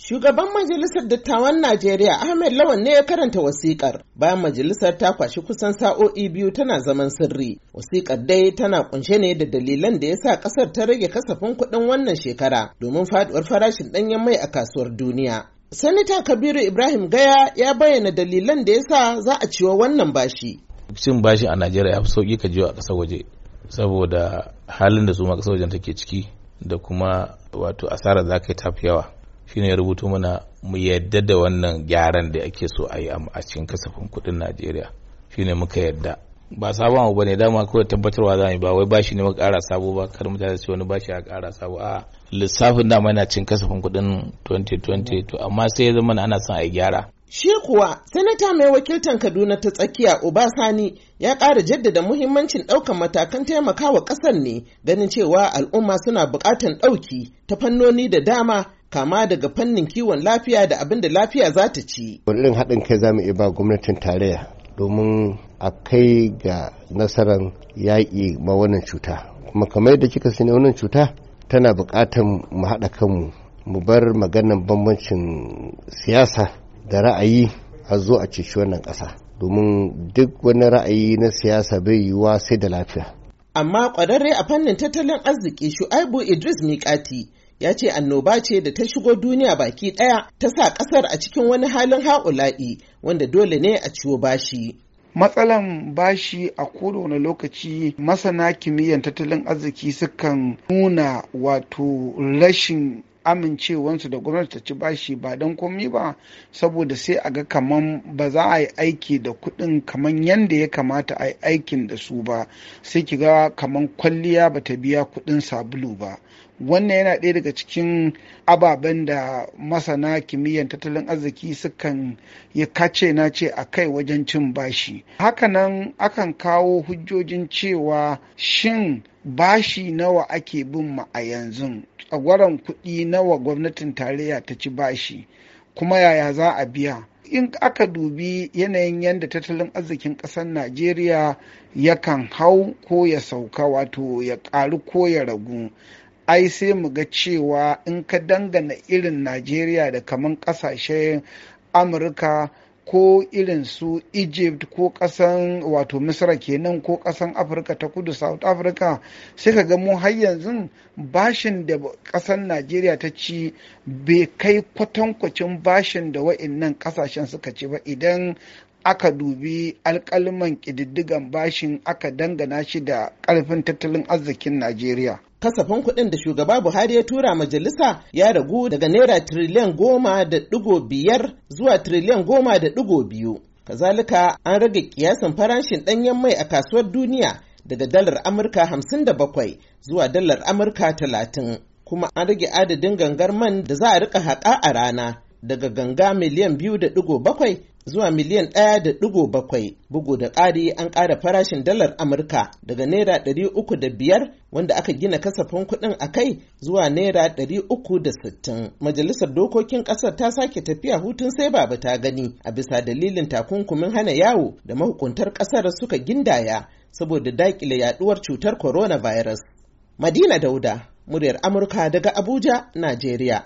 Shugaban Majalisar Dattawan Najeriya Ahmed Lawan ne ya karanta wasikar bayan majalisar ta kwashi kusan sa'o'i biyu tana zaman sirri. Wasikar dai tana kunshe ne da dalilan da ya sa kasar ta rage kasafin kuɗin wannan shekara domin faduwar farashin ɗanyen mai a kasuwar duniya. Sanita Kabiru Ibrahim Gaya ya bayyana dalilan da ya sa za a ciwo wannan bashi. Cin bashi a Najeriya ya fi sauƙi ka je a ƙasar waje saboda halin da su ma ƙasar wajen take ciki da kuma wato asara za ka yi tafi yawa. shine ya rubuto mana mu yadda da wannan gyaran da ake so a yi a cikin kasafin kuɗin najeriya shine muka yadda ba sabon abu bane dama kawai tabbatarwa za yi ba wai bashi ne muka ƙara sabo ba kar mutane su wani bashi a ƙara sabo a lissafin dama yana cin kasafin kuɗin 2020 to amma sai ya zama ana son a yi gyara Shi kuwa, Sanata mai wakiltar Kaduna ta tsakiya Obasani ya ƙara jaddada muhimmancin ɗaukan matakan taimakawa ƙasar ne ganin cewa al'umma suna buƙatan ɗauki ta fannoni da dama kama daga fannin kiwon lafiya da abin da lafiya za ta ci. Wani haɗin kai za mu iya ba gwamnatin tarayya domin a kai ga nasarar yaƙi ma wannan cuta. Kuma kamar yadda kika sani wannan cuta tana buƙatar mu haɗa kanmu mu bar maganar bambancin siyasa da ra'ayi a zo a ceci wannan ƙasa. Domin duk wani ra'ayi na siyasa bai yiwuwa sai da lafiya. Amma ƙwararre a fannin tattalin arziki Shu'aibu Idris Mikati ya ce annoba ce da ta shigo duniya baki ɗaya ta sa ƙasar a cikin wani halin haƙula'i wanda dole ne a ciwo bashi. matsalan bashi a kowane lokaci masana kimiyyar tattalin arziki sukan nuna wato rashin amincewansu da gwamnati ta ci bashi ba don komi ba saboda sai a ga kaman ba za a yi aiki da kuɗin kaman yadda ya kamata a yi aikin da su ba sai ki ga kaman kwalliya ba ta biya kuɗin sabulu ba wannan yana ɗaya daga cikin ababen da masana kimiyyar tattalin arziki sukan yi kace na ce a kai wajen cin bashi hakanan akan kawo hujjojin cewa shin bashi nawa ake bin ma a yanzu tsagwaron kuɗi nawa gwamnatin tarayya ta ci bashi kuma yaya za a biya in aka dubi yanayin yadda tattalin arzikin ƙasar najeriya yakan hau ko ya sauka wato ya ƙaru ko ya ragu ai sai mu ga cewa in ka dangana irin najeriya da kaman kasashen amurka ko irin su egypt ko kasan wato misra kenan ko kasan afirka ta kudu south africa sai ka ga mu har yanzu bashin da kasan najeriya ta ci bai kai kwatankwacin bashin da wa'annan kasashen suka ci ba idan aka dubi alkalman ƙididdigan bashin aka dangana shi da ƙarfin tattalin arzikin najeriya kasafin kuɗin da shugaba Buhari ya tura majalisa ya ragu daga naira tiriliyan goma da ɗigo biyar zuwa tiriliyan goma da ɗigo biyu. Kazalika an rage kiyasin farashin ɗanyen mai a kasuwar duniya daga dalar Amurka hamsin da bakwai zuwa dalar Amurka talatin. Kuma an rage adadin gangar man da za a rika haƙa a rana daga ganga miliyan biyu da digo bakwai zuwa miliyan ɗaya da digo bakwai bugu da ƙari an ƙara farashin dalar amurka daga naira ɗari uku da biyar wanda aka gina kasafin kuɗin a kai zuwa naira ɗari uku da sittin majalisar dokokin ƙasar ta sake tafiya hutun sai baba ta gani a bisa dalilin takunkumin hana yawo da mahukuntar ƙasar suka gindaya saboda daƙile yaɗuwar cutar coronavirus madina dauda muryar amurka daga abuja najeriya